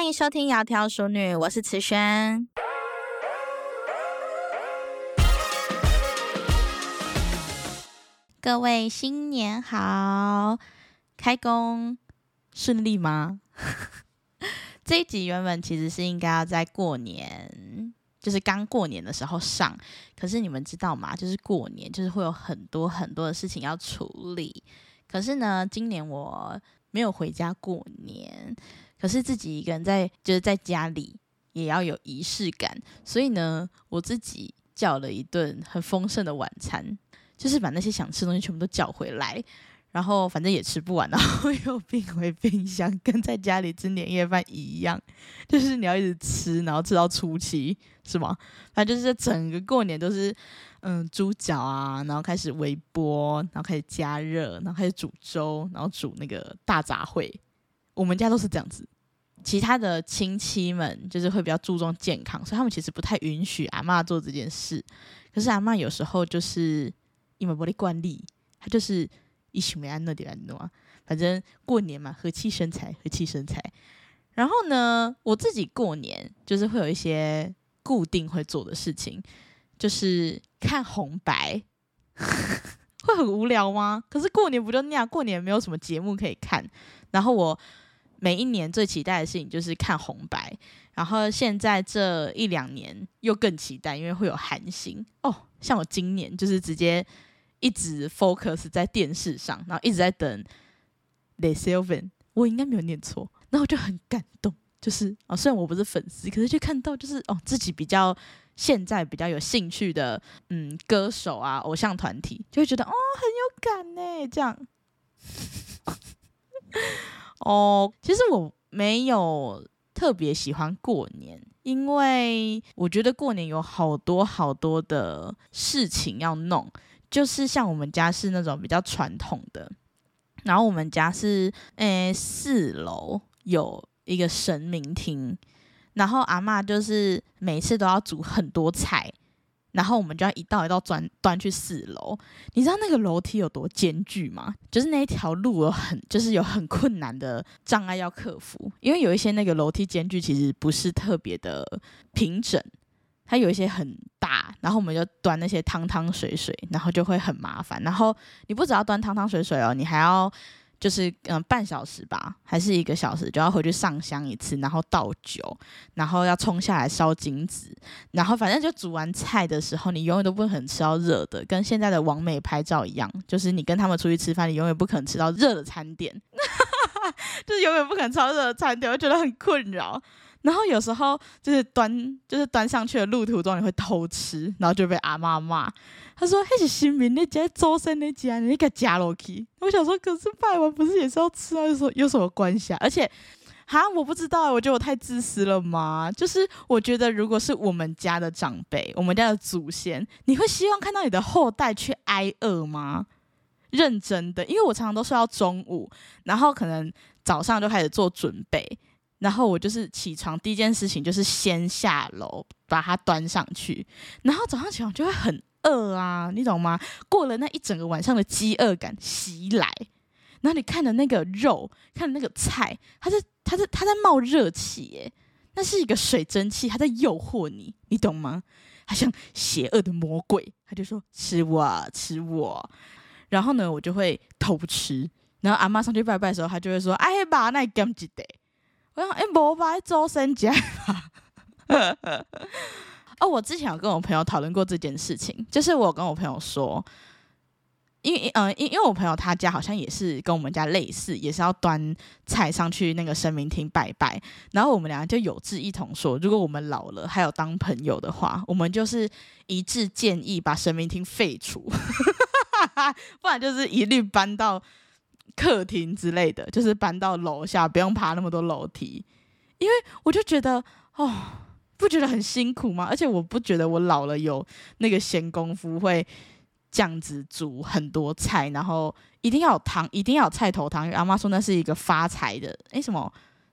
歡迎收聽《窈窕淑女》，我是慈萱。各位新年好，開工順利嗎？ 這一集原本其實是應該要在過年，就是剛過年的時候上，可是你們知道嗎？就是過年就是會有很多很多的事情要處理，可是呢，今年我沒有回家過年。可是自己一個人在，就是在家裡也要有儀式感，所以呢，我自己叫了一頓很豐盛的晚餐，就是把那些想吃的東西全部都叫回來，然後反正也吃不完，然後又變回冰箱，跟在家裡吃年夜飯一樣，就是你要一直吃，然後吃到初七，是嗎？反正就是整個過年都是，嗯，豬腳啊，然後開始微波，然後開始加熱，然後開始煮粥，然後煮那個大雜燴。我們家都是這樣子，其他的親戚們就是會比較注重健康，所以他們其實不太允許阿嬤做這件事。可是阿嬤有時候就是因為我的慣例，她就是一起沒按諾點按諾啊，反正過年嘛，和氣生財，和氣生財。然後呢，我自己過年就是會有一些固定會做的事情，就是看紅白，呵呵，會很無聊嗎？可是過年不就那樣，過年沒有什麼節目可以看，然後我。每一年最期待的事情就是看紅白，然後現在這一兩年又更期待，因為會有韓星哦。像我今年就是直接一直 focus 在電視上，然後一直在等 LE SSERAFIM，我應該沒有念錯，然後就很感動。就是哦，雖然我不是粉絲，可是就看到就是哦自己比較現在比較有興趣的嗯歌手啊偶像團體，就會覺得哦很有感呢這樣。 哦，其實我沒有特別喜歡過年，因為我覺得過年有好多好多的事情要弄，就是像我們家是那種比較傳統的，然後我們家是，誒，四樓有一個神明廳，然後阿嬤就是每次都要煮很多菜。然後我們就要一道一道端端去四樓，你知道那個樓梯有多艱巨嗎？就是那一條路有很，就是有很困難的障礙要克服，因為有一些那個樓梯間距其實不是特別的平整，它有一些很大，然後我們就端那些湯湯水水，然後就會很麻煩。然後你不只要端湯湯水水哦，你還要。就是嗯，半小時吧，還是一個小時，就要回去上香一次，然後倒酒，然後要衝下來燒金紙。然後反正就煮完菜的時候，你永遠都不可能吃到熱的，跟現在的網美拍照一樣，就是你跟他們出去吃飯，你永遠不可能吃到熱的餐點， 就是永遠不可能超熱的餐點，我覺得很困擾。然後有時候就是端就是端上去的路途中，你會偷吃，然後就被阿嬤罵。她說：“嘿，是神明那，祖先那家，你個假老 k i。”我想說，可是拜完不是也是要吃啊？說有什麼關係啊？而且，哈，我不知道、欸，我覺得我太自私了嗎？就是我覺得，如果是我們家的長輩，我們家的祖先，你會希望看到你的後代去挨餓嗎？認真的，因為我常常都睡到中午，然後可能早上就開始做準備。然後我就是起床第一件事情就是先下樓把它端上去，然後早上起床就會很餓啊，你懂嗎？過了那一整個晚上的飢餓感襲來，然後你看的那個肉，看的那個菜，它在它在它在，它在冒熱氣、欸，哎，那是一個水蒸氣，它在誘惑你，你懂嗎？好像邪惡的魔鬼，他就說吃我吃我，然後呢我就會偷吃，然後阿媽上去拜拜的時候，他就會說哎把、啊、那干幾得。我想哎，膜拜周生甲。 哦，我之前有跟我朋友討論過這件事情，就是我跟我朋友說，因為嗯，因、呃、因為我朋友他家好像也是跟我們家類似，也是要端菜上去那個神明廳拜拜。然後我們倆就有志一同說，如果我們老了還有當朋友的話，我們就是一致建議把神明廳廢除， 不然就是一律搬到。客廳之類的就是搬到樓下，不用爬那麼多樓梯，因為我就覺得哦，不覺得很辛苦嗎？而且我不覺得我老了有那個閒工夫會這樣子煮很多菜，然後一定要有湯，一定要有菜頭湯。因為阿媽說那是一個發財的誒、欸，什麼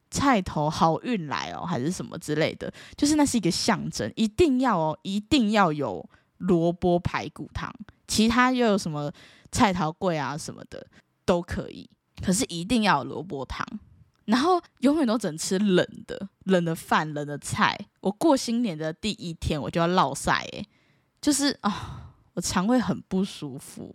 菜頭好運來哦，還是什麼之類的，就是那是一個象徵，一定要哦，一定要有蘿蔔排骨湯，其他又有什麼菜頭粿啊什麼的。都可以，可是一定要有蘿蔔湯，然後永遠都只能吃冷的、冷的飯、冷的菜。我過新年的第一天，我就要落曬哎，就是啊、哦，我腸胃很不舒服，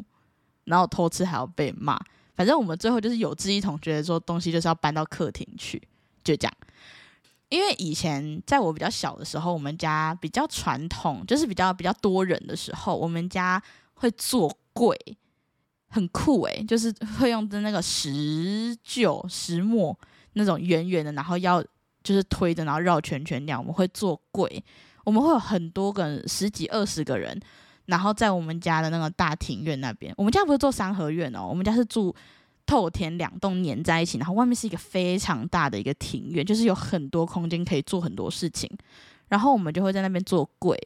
然後偷吃還要被罵。反正我們最後就是有志一同，覺得說東西就是要搬到客廳去，就這樣。因為以前在我比較小的時候，我們家比較傳統，就是比較比較多人的時候，我們家會做櫃。很酷誒，就是會用的那個石臼、石磨那種圓圓的，然後要就是推着，然後繞圈圈那樣。我們會做櫃，我們會有很多個十幾二十個人，然後在我們家的那個大庭院那邊。我們家不是做三合院哦，我們家是住透天兩棟粘在一起，然後外面是一個非常大的一個庭院，就是有很多空間可以做很多事情。然後我們就會在那邊做櫃，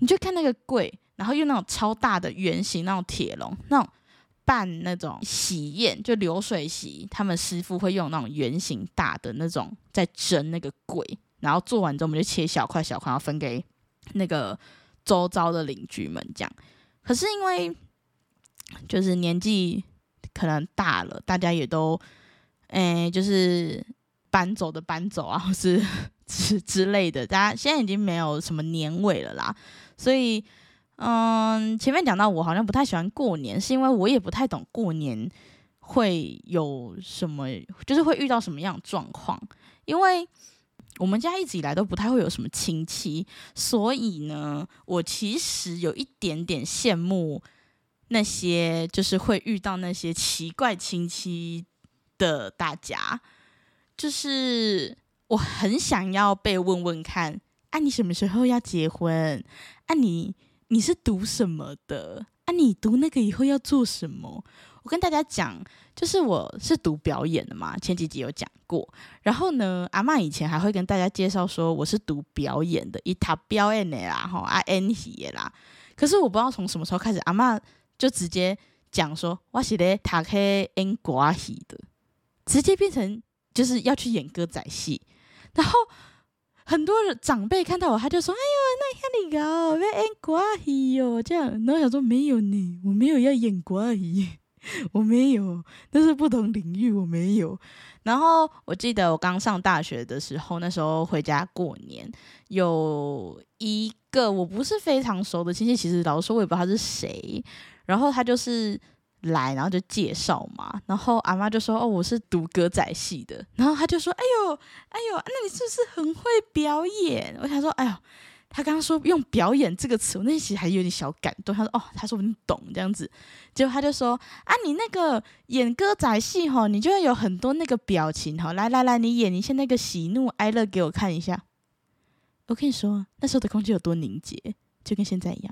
你就看那個櫃，然後用那種超大的圓形那種鐵籠，那種。辦那種喜宴，就流水席，他們師傅會用那種圓形大的那種在蒸那個粿，然後做完之後我們就切小塊小塊，然後分給那個周遭的鄰居們這樣。可是因為就是年紀可能大了，大家也都，哎、欸，就是搬走的搬走啊，或是之 之類的，大家現在已經沒有什麼年尾了啦，所以。嗯，前面講到我好像不太喜歡過年，是因為我也不太懂過年會有什麼，就是會遇到什麼樣的狀況。因為我們家一直以來都不太會有什麼親戚，所以呢，我其實有一點點羨慕那些就是會遇到那些奇怪親戚的大家。就是我很想要被問問看，啊，你什麼時候要結婚？啊，你。你是讀什麼的啊？你讀那個以後要做什麼？我跟大家講，就是我是讀表演的嘛，前幾集有講過。然後呢，阿嬤以前還會跟大家介紹說我是讀表演的 i 塔表演的啦，哈、啊、，演戲的啦。可是我不知道從什麼時候開始，阿嬤就直接講說我是咧塔嘿 an 寡戲的，直接變成就是要去演歌仔戲，然後。很多長輩看到我，他就說：“哎呦，那像你搞要演郭阿姨喲，這樣。”然後想說：“沒有呢，我沒有要演郭阿姨，我沒有，但是不同領域，我沒有。”然後我記得我剛上大學的時候，那時候回家過年，有一個我不是非常熟的親戚，其實老實說我也不知道他是誰，然後他就是。來，然後就介紹嘛，然後阿媽就說：“哦，我是讀歌仔戲的。”然後她就說：“哎呦，哎呦，那你是不是很會表演？”我想說：“哎呦，他剛剛說用表演這個詞，我那時其實還有點小感動。”他說：“哦，他說你懂這樣子。”結果他就說：“啊，你那個演歌仔戲哈，你就會有很多那個表情哈。來來來，你演一下那個喜怒哀樂給我看一下。我跟你說，那時候的空氣有多凝結，就跟現在一樣。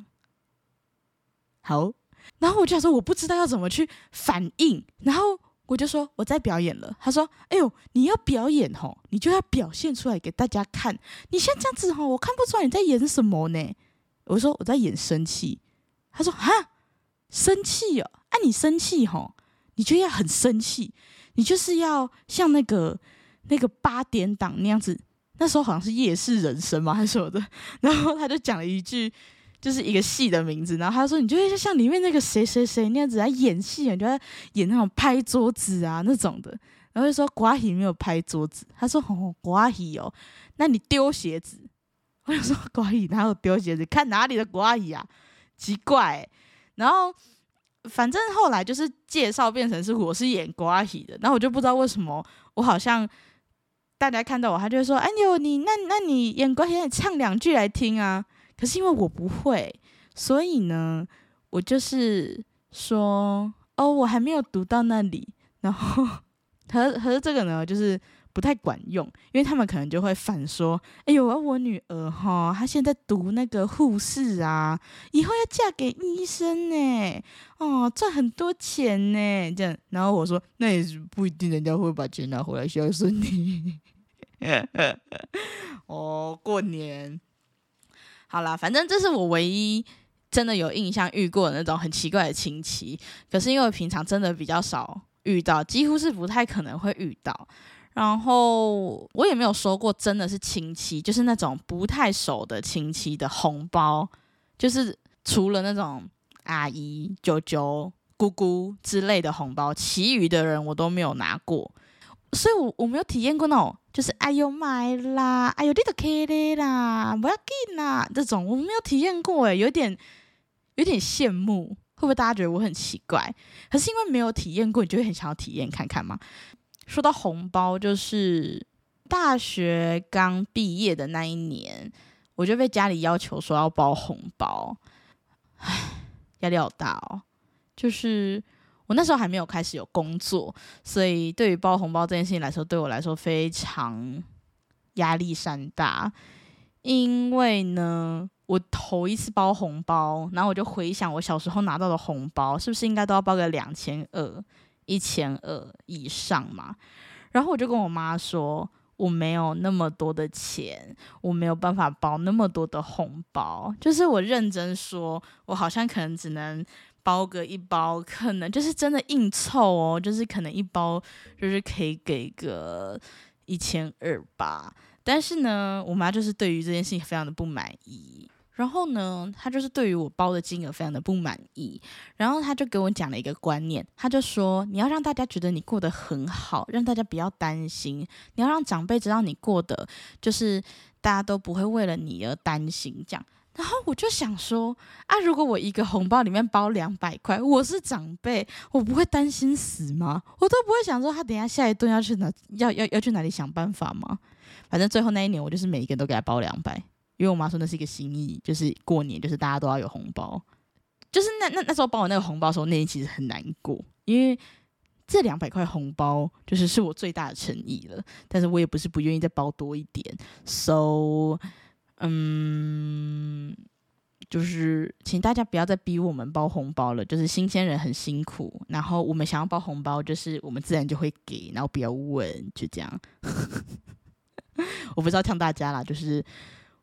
好。”然後我就想說，我不知道要怎麼去反應。然後我就說我在表演了。他說：“哎呦，你要表演吼，你就要表現出來給大家看。你現在這樣子吼，我看不出來你在演什麼呢。”我說我在演生氣。他說：“哈，生氣哦，哎、啊，你生氣吼，你就要很生氣，你就是要像那個那個八點檔那樣子。那時候好像是《夜市人生》嘛還是什麼的。然後他就講了一句。”就是一個戲的名字，然後他說：“你就是像裡面那個誰誰誰那樣子來演戲，你就在演那種拍桌子啊那種的。”然後就說：“瓜喜沒有拍桌子。”他說：“哦，瓜喜哦，那你丟鞋子？”我想說：“瓜喜哪有丟鞋子？看哪裡的瓜喜啊？奇怪、欸。”然後反正後來就是介紹變成是我是演瓜喜的，然後我就不知道為什麼我好像大家看到我，他就會說：“哎呦，你那那你演瓜喜，你唱兩句來聽啊。”可是因為我不會，所以呢，我就是說，哦，我還沒有讀到那裡。然後，和可這個呢，就是不太管用，因為他們可能就會反說，哎呦，我女兒哈，她現在讀那個護士啊，以後要嫁給醫生呢，哦，賺很多錢呢，這樣。然後我說，那也不一定，人家會把錢拿回來孝順你。 哦，過年。好啦，反正這是我唯一真的有印象遇過的那種很奇怪的親戚。可是因為平常真的比較少遇到，幾乎是不太可能會遇到。然後我也沒有收過真的是親戚，就是那種不太熟的親戚的紅包，就是除了那種阿姨、舅舅、姑姑之類的紅包，其餘的人我都沒有拿過。所以我，我我沒有體驗過那種，就是哎呦媽啦，哎呦，哎呦你都 K 嘞啦，不要緊啦，這種我沒有體驗過。欸，哎，有點有點羨慕，會不會大家覺得我很奇怪？可是因為沒有體驗過，你就會很想要體驗看看嘛。說到紅包，就是大學剛畢業的那一年，我就被家裡要求說要包紅包，唉，壓力好大哦，就是。我那時候還沒有開始有工作，所以對於包紅包這件事情來說，對我來說非常壓力山大。因為呢，我頭一次包紅包，然後我就回想我小時候拿到的紅包，是不是應該都要包個兩千二、一千二以上嘛？然後我就跟我媽說，我沒有那麼多的錢，我沒有辦法包那麼多的紅包。就是我認真說，我好像可能只能。包個一包，可能就是真的硬湊哦，就是可能一包就是可以給個一千二吧。但是呢，我媽就是對於這件事情非常的不滿意，然後呢，她就是對於我包的金額非常的不滿意，然後她就給我講了一個觀念，她就說你要讓大家覺得你過得很好，讓大家不要擔心，你要讓長輩知道你過得就是大家都不會為了你而擔心這樣。然後我就想說啊，如果我一個紅包裡面包兩百塊，我是長輩，我不會擔心死嗎？我都不會想說他等一下下一頓要去哪，要要要去哪裡想辦法嗎？反正最後那一年，我就是每一個人都給他包兩百，因為我媽說那是一個心意，就是過年就是大家都要有紅包。就是那那那時候包我那個紅包的時候，那天其實很難過，因為這兩百塊紅包就是是我最大的誠意了。但是我也不是不願意再包多一點，so。嗯，就是請大家不要再逼我們包紅包了。就是新鮮人很辛苦，然後我們想要包紅包，就是我們自然就會給，然後不要問，就這樣。 我不知道嗆大家啦，就是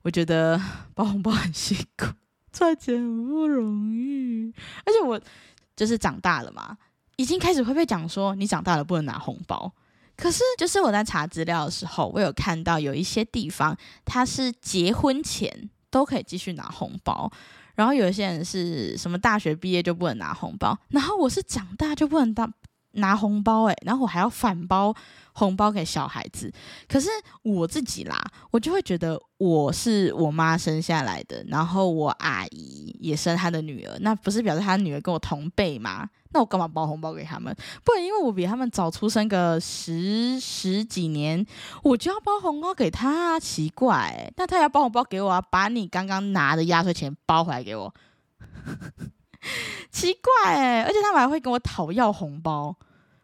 我覺得包紅包很辛苦，賺錢很不容易，而且我就是長大了嘛，已經開始會被講說你長大了不能拿紅包。可是，就是我在查資料的時候，我有看到有一些地方，他是結婚前都可以繼續拿紅包，然後有一些人是什麼大學畢業就不能拿紅包，然後我是長大就不能當拿紅包哎、欸，然後我還要反包紅包給小孩子。可是我自己啦，我就會覺得我是我媽生下來的，然後我阿姨也生她的女兒，那不是表示她的女兒跟我同輩嗎？那我幹嘛包紅包給他們？不然因為我比他們早出生個十十幾年，我就要包紅包給他，奇怪、欸。那他要包紅包給我啊？把你剛剛拿的壓歲錢包回來給我， 奇怪、欸。而且他們還會跟我討要紅包，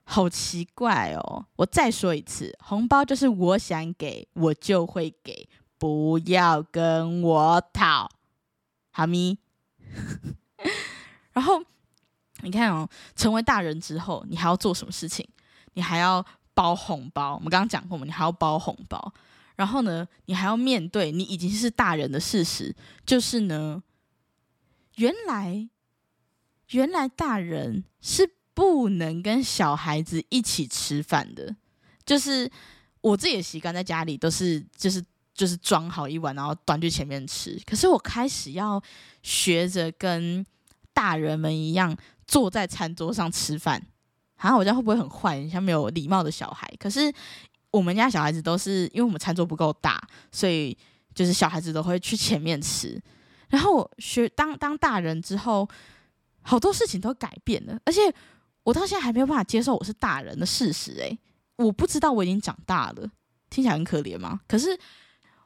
好奇怪哦、喔。我再說一次，紅包就是我想給我就會給，不要跟我討，哈咪。 然後。你看哦，成為大人之後，你還要做什麼事情？你還要包紅包。我們剛剛講過嘛，你還要包紅包。然後呢，你還要面對你已經是大人的事實。就是呢，原來原來大人是不能跟小孩子一起吃飯的。就是我自己的習慣，在家裡都是就是就是裝好一碗，然後端去前面吃。可是我開始要學着跟大人們一樣。坐在餐桌上吃飯，好像我家會不會很壞？像沒有禮貌的小孩。可是我們家小孩子都是因為我們餐桌不夠大，所以就是小孩子都會去前面吃。然後學當當大人之後，好多事情都改變了。而且我到現在還沒有辦法接受我是大人的事實、欸。誒，我不知道我已經長大了，聽起來很可憐嗎？可是。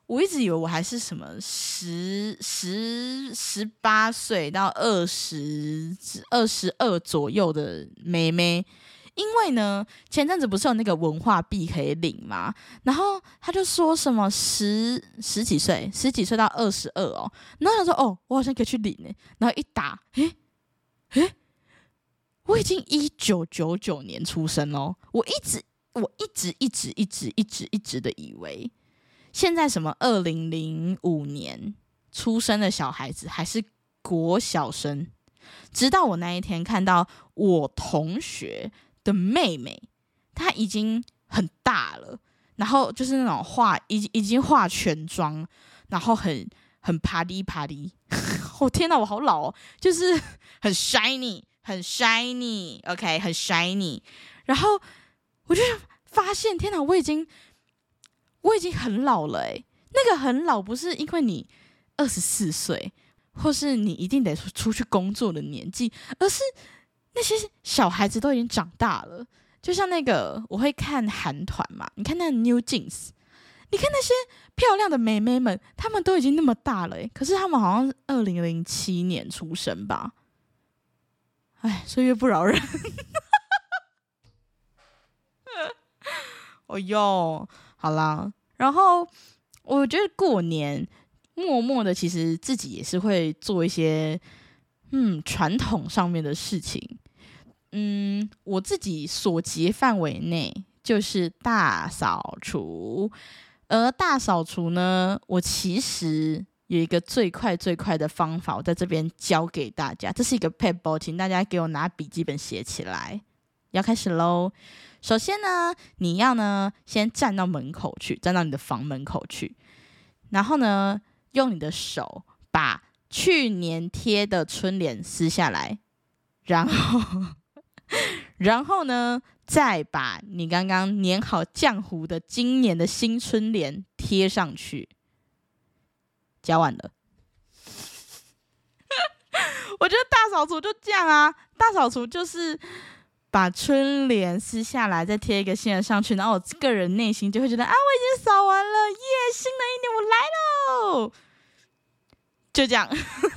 我一直以為我還是什麼十十十八歲到二十、二十二左右的妹妹，因為呢，前陣子不是有那個文化幣可以領嘛，然後他就說什麼十十幾歲、十幾歲到二十二哦，然後想說哦，我好像可以去領誒，然後一打誒誒，我已經一九九九年出生哦，我一直我一直,一直一直一直一直一直的以為。現在什麼？二零零五年出生的小孩子還是國小生，直到我那一天看到我同學的妹妹，她已經很大了，然後就是那種化已經已經化全妝，然後很很啪滴啪滴。我、哦、天哪，我好老哦，就是很 shiny，很 shiny，OK、okay，很 shiny。然後我就發現，天哪，我已經。我已經很老了、欸、那個很老不是因為你二十四歲或是你一定得出出去工作的年紀，而是那些小孩子都已經長大了。就像那個我會看韓團嘛，你看那個 New Jeans，你看那些漂亮的妹妹們，她們都已經那麼大了、欸、可是她們好像是二零零七年出生吧？哎，歲月不饒人。 哎喲，好啦。然後我覺得過年默默的，其實自己也是會做一些嗯傳統上面的事情。嗯，我自己所及的範圍內就是大掃除。而大掃除呢，我其實有一個最快最快的方法，我在這邊教給大家。這是一個撇步，請大家給我拿筆記本寫起來。要開始嘍！首先呢，你要呢先站到門口去，站到你的房門口去，然後呢，用你的手把去年貼的春聯撕下來，然後， 然後呢，再把你剛剛粘好漿糊的今年的新春聯貼上去。講完了， 我覺得大掃除就這樣啊，大掃除就是。把春聯撕下來，再貼一個新的上去，然後我個人內心就會覺得啊，我已經掃完了，耶，新的一年我來嘍！就這樣，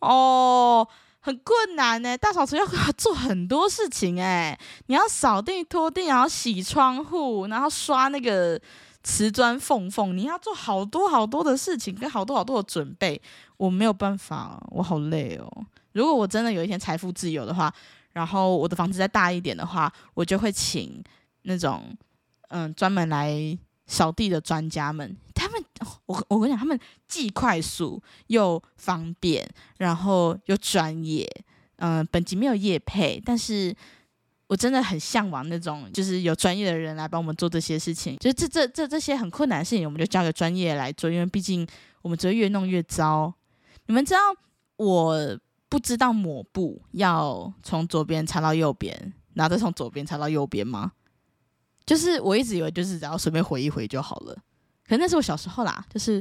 哦、 oh,，很困難呢、欸，大掃除要做很多事情哎、欸，你要掃地、拖地，然後洗窗戶，然後刷那個瓷磚縫縫，你要做好多好多的事情，跟好多好多的準備，我沒有辦法，我好累哦。如果我真的有一天財富自由的話，然後我的房子再大一點的話，我就會請那種嗯、呃、專門來掃地的專家們。他們，我我跟你講，他們既快速又方便，然後又專業。嗯、呃，本集沒有業配，但是我真的很向往那種，就是有專業的人來幫我們做這些事情。就這這這這些很困難的事情，我們就交給專業來做，因為畢竟我們只會越弄越糟。你們知道我。不知道抹布要從左邊擦到右邊，然後再從左邊擦到右邊嗎？就是我一直以為就是只要隨便回一回就好了。可那是我小時候啦，就是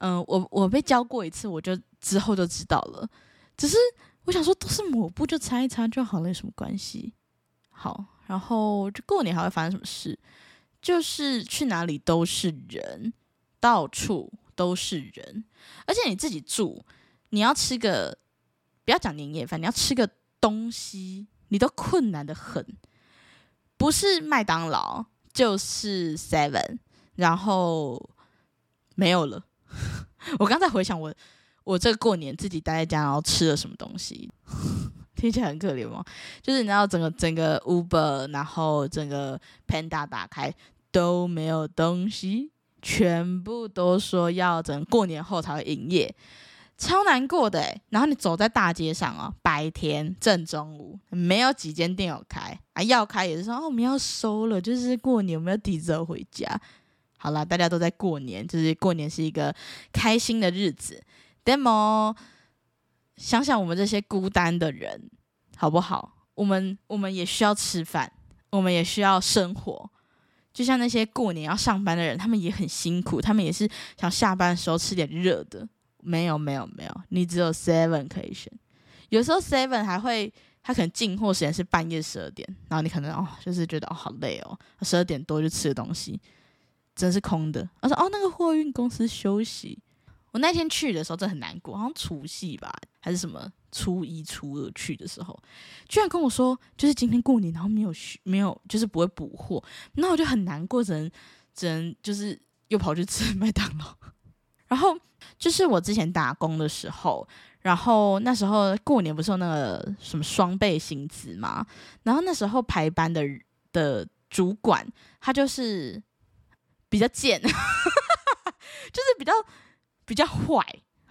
嗯、呃，我我被教過一次，我就之後就知道了。只是我想說，都是抹布就擦一擦就好了，有什麼關係？好，然後就過年還會發生什麼事？就是去哪裡都是人，到處都是人，而且你自己住，你要吃個。不要講年夜飯，你要吃個東西，你都困難得很，不是麥當勞就是 Seven，然後沒有了。 我剛才回想我我這過年自己待在家，然後吃了什麼東西， 聽起來很可憐嗎？就是你知道整個整個 Uber，然後整個 Panda 打開都沒有東西，全部都說要整個過年後才會營業。超難過的哎、欸，然後你走在大街上哦、喔，白天正中午，沒有幾間店有開啊，要開也是說哦，我們要收了，就是過年我們要提早回家。好啦，大家都在過年，就是過年是一個開心的日子。那麼想想我們這些孤單的人，好不好？我們我們也需要吃飯，我們也需要生活。就像那些過年要上班的人，他們也很辛苦，他們也是想下班的時候吃點熱的。沒有沒有沒有，你只有 seven 可以選。有時候 seven 還會，他可能進貨時間是半夜十二點，然後你可能哦，就是覺得哦好累哦，十二點多就吃的東西，真是空的。我說哦，那個貨運公司休息。我那天去的時候真很難過，好像除夕吧，還是什麼初一初二去的時候，居然跟我說就是今天過年，然後沒有沒有，就是不會補貨。那我就很難過，只能只能就是又跑去吃麥當勞。然後就是我之前打工的時候，然後那時候過年不是有那個什麼雙倍薪資嘛，然後那時候排班的的主管他就是比較賤， 就是比較比較壞。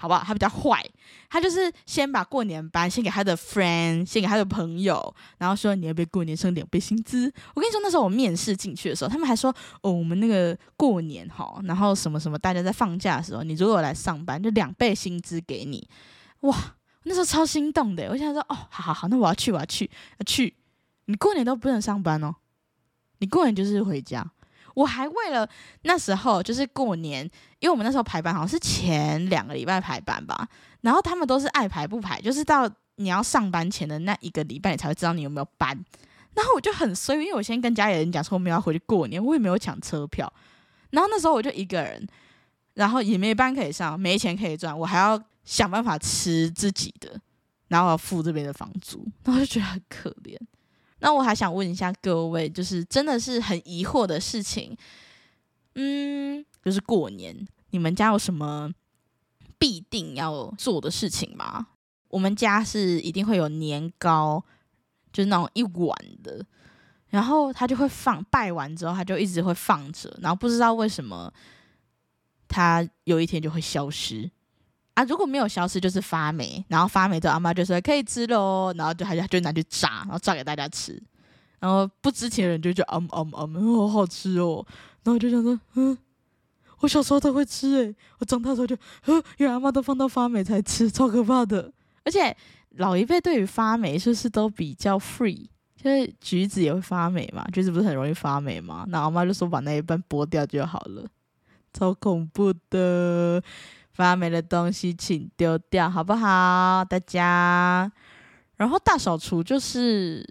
好不好？他比較壞，他就是先把過年班先給他的 friend，先給他的朋友，然後說，你要不要過年升兩倍薪資？我跟你說，那時候我面試進去的時候，他們還說哦，我們那個過年吼，然後什麼什麼，大家在放假的時候，你如果我來上班，就兩倍薪資給你。哇，那時候超心動的，我想說哦，好好好，那我要去，我要去，要去。你過年都不能上班哦，你過年就是回家。我還為了那時候就是過年，因為我們那時候排班好像是前兩個禮拜排班吧，然後他們都是愛排不排，就是到你要上班前的那一個禮拜，你才會知道你有沒有班。然後我就很衰，因為我先跟家裡人講說我沒有要回去過年，我也沒有搶車票。然後那時候我就一個人，然後也沒班可以上，沒錢可以賺，我還要想辦法吃自己的，然後要付這邊的房租，然後我就覺得很可憐。那我還想問一下各位，就是真的是很疑惑的事情，嗯，就是過年你們家有什麼必定要做的事情嗎？我們家是一定會有年糕，就是那種一碗的，然後他就會放，拜完之後他就一直會放着，然後不知道為什麼他有一天就會消失。啊，如果沒有消失就是發霉，然後發霉的阿媽就說可以吃了哦。然後就還就就拿去炸，然後炸給大家吃，然後不知情的人就就嗯，嗯，嗯，嗯，好好吃哦，然後就想說，嗯，我小時候都會吃哎、欸，我長大之後就，嗯，原來阿媽都放到發霉才吃，超可怕的，而且老一輩對於發霉是不是都比較 free？就是橘子也會發霉嘛，橘子不是很容易發霉嘛。然後阿媽就說把那一半剝掉就好了，超恐怖的。發霉的東西請丟掉，好不好，大家？然後大掃除就是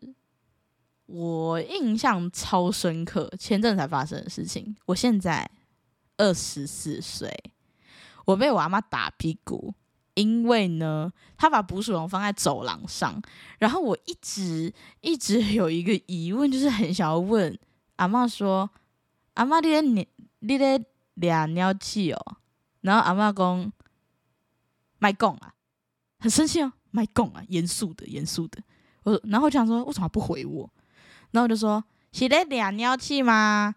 我印象超深刻，前陣才發生的事情。我現在二十四歲，我被我阿媽打屁股，因為呢，她把捕鼠籠放在走廊上，然後我一直一直有一個疑問，就是很想要問阿媽說：“阿媽，你咧你你咧倆尿氣哦？”然後阿嬤，阿公賣貢啊，很生氣哦，賣貢啊，嚴肅的，嚴肅的。我然後就想說，為什麼不回我？然後我就說，寫了兩鳥氣嗎？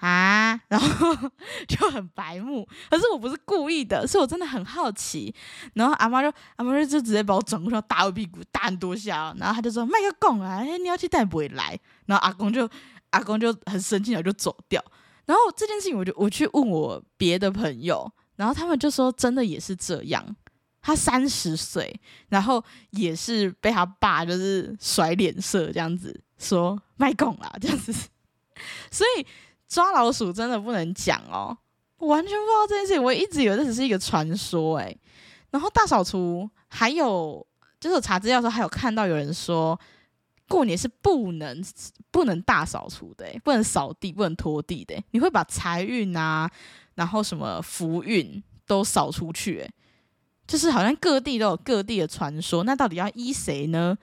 啊，然後 就很白目。可是我不是故意的，是我真的很好奇。然後阿媽就阿媽就直接把我轉過去打我屁股，打很多下。然後她就說，賣個貢啊，哎，鳥氣帶不會來。然後阿公就阿公就很生氣，就走掉。然後這件事情，我就我去問我別的朋友。然後他們就說，真的也是這樣。他三十歲，然後也是被他爸就是甩臉色這樣子說賣拱了這樣子。所以抓老鼠真的不能講哦，我完全不知道這件事情。我一直以為這只是一個傳說哎。然後大掃除，還有就是我查資料的時候還有看到有人說，過年是不能不能大掃除的，不能掃地，不能拖地的，你會把財運啊。然後什麼福運都掃出去，就是好像各地都有各地的傳說，那到底要依誰呢？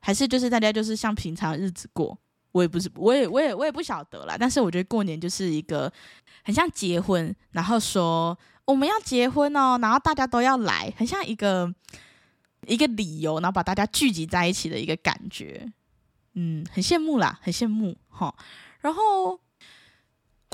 還是就是大家就是像平常的日子過？我也不是，我也，我也，我也不曉得啦。但是我覺得過年就是一個很像結婚，然後說我們要結婚哦，然後大家都要來，很像一個一個理由，然後把大家聚集在一起的一個感覺。嗯，很羨慕啦，很羨慕吼。然後。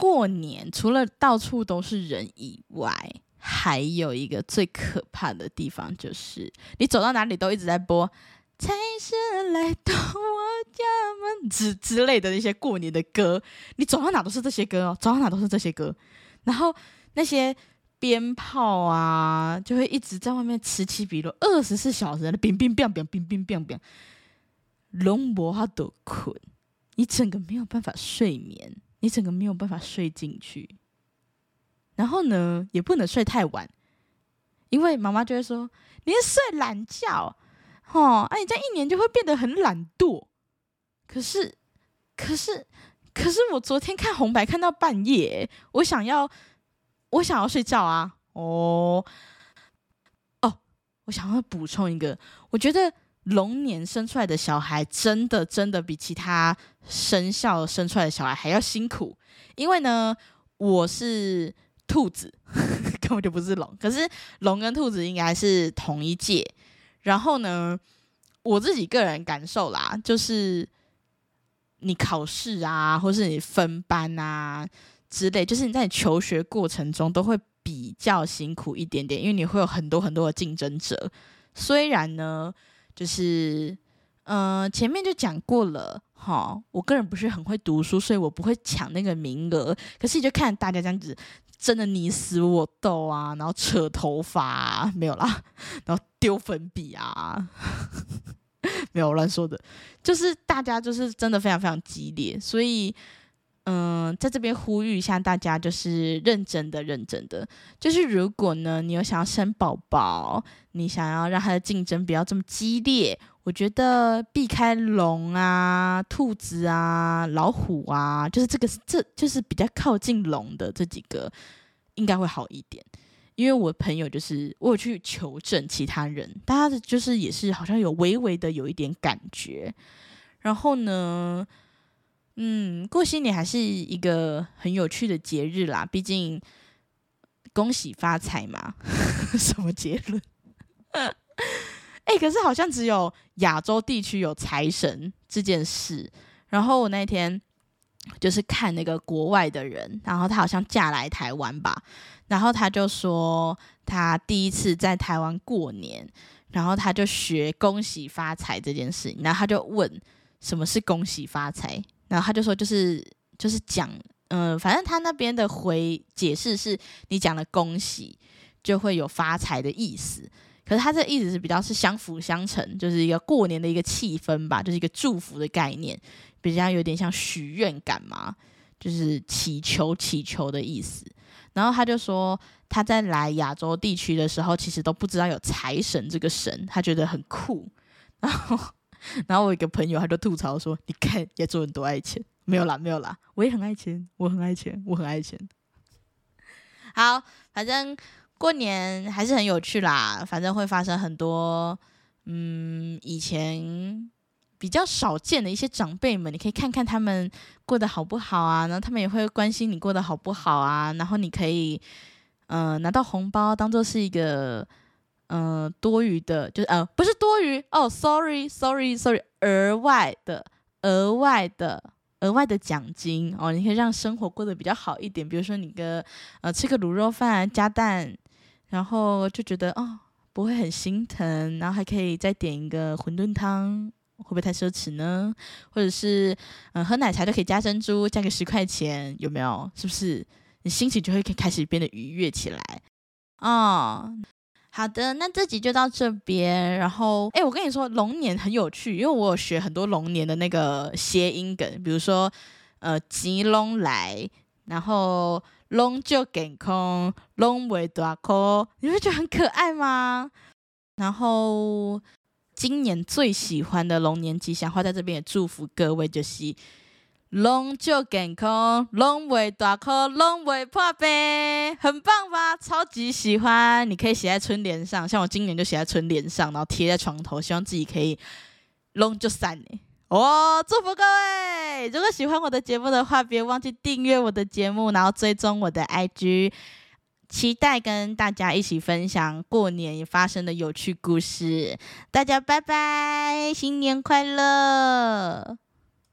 過年除了到處都是人以外，還有一個最可怕的地方就是你走到哪裡都一直在播《財神來到我家門》之之類的那些過年的歌，你走到哪都是這些歌哦，走到哪都是這些歌。然後那些鞭炮啊就會一直在外面此起彼落，二十四小時的“乒乒乒乒乒乒乒乒”，龍膜都困，你整個沒有辦法睡眠。你整個沒有辦法睡進去，然後呢，也不能睡太晚，因為媽媽就會說，你睡懶覺，哦。啊，你這樣一年就會變得很懶惰。可是，可是，可是，我昨天看紅白看到半夜，我想要，我想要睡覺啊！哦，哦，我想要補充一個，我覺得。龍年生出來的小孩，真的真的比其他生肖生出來的小孩還要辛苦。因為呢，我是兔子，呵呵，根本就不是龍。可是龍跟兔子應該是同一屆。然後呢，我自己個人感受啦，就是你考試啊，或是你分班啊之類，就是你在你求學過程中都會比較辛苦一點點，因為你會有很多很多的競爭者。雖然呢。就是，嗯、呃，前面就講過了哈、哦。我個人不是很會讀書，所以我不會搶那個名額。可是你就看大家這樣子，真的你死我鬥啊，然後扯頭髮、啊、沒有啦，然後丟粉筆啊，呵呵沒有亂說的，就是大家就是真的非常非常激烈，所以。嗯，在這邊呼籲一下大家，就是認真的，認真的，就是如果呢，你有想要生寶寶，你想要讓他的競爭不要這麼激烈，我覺得避開龍啊、兔子啊、老虎啊，就是這個是這就是比較靠近龍的這幾個，應該會好一點。因為我朋友就是我有去求證其他人，大家就是也是好像有微微的有一點感覺，然後呢。嗯，過新年還是一個很有趣的節日啦。畢竟恭喜發財嘛， 什麼節節日？哎、 欸，可是好像只有亞洲地區有財神這件事。然後我那天就是看那個國外的人，然後他好像嫁來台灣吧，然後他就說他第一次在台灣過年，然後他就學恭喜發財這件事，然後他就問什麼是恭喜發財。然後他就說，就是就是講，嗯、呃，反正他那邊的回解釋是，你講了恭喜，就會有發財的意思。可是他這個意思是比較是相輔相成，就是一個過年的一個氣氛吧，就是一個祝福的概念，比較有點像許願感嘛，就是祈求祈求的意思。然後他就說，他在來亞洲地區的時候，其實都不知道有財神這個神，他覺得很酷。然後。然後我一個朋友他就吐槽說：“你看，亞洲人多愛錢。”沒有啦，沒有啦，我也很愛錢，我很愛錢，我很愛錢。好，反正過年還是很有趣啦，反正會發生很多，嗯，以前比較少見的一些長輩們，你可以看看他們過得好不好啊，然後他們也會關心你過得好不好啊，然後你可以，嗯、呃，拿到紅包當做是一個。嗯、呃，多餘的就是呃，不是多餘哦，sorry sorry sorry，額外的額外的額外的獎金哦，你可以讓生活過得比較好一點，比如說你個呃吃個滷肉飯加蛋，然後就覺得哦不會很心疼，然後還可以再點一個餛飩湯，會不會太奢侈呢？或者是嗯、呃、喝奶茶都可以加珍珠加個十塊錢，有沒有？是不是你心情就會可以開始變得愉悅起來哦。好的，那這集就到這邊。然後，哎，我跟你說，龍年很有趣，因為我有學很多龍年的那個諧音梗，比如說，呃，吉龍來，然後龍足健康，龍某大摳，你會覺得很可愛嗎？然後，今年最喜歡的龍年吉祥話，在這邊也祝福各位，就是。龍就健康，龍未大哭，龍未破病，很棒吧？超級喜歡，你可以寫在春聯上，像我今年就寫在春聯上，然後貼在床頭，希望自己可以龍就散呢。哦，祝福各位！如果喜歡我的節目的話，別忘記訂閱我的節目，然後追蹤我的 IG，期待跟大家一起分享過年發生的有趣故事。大家拜拜，新年快樂！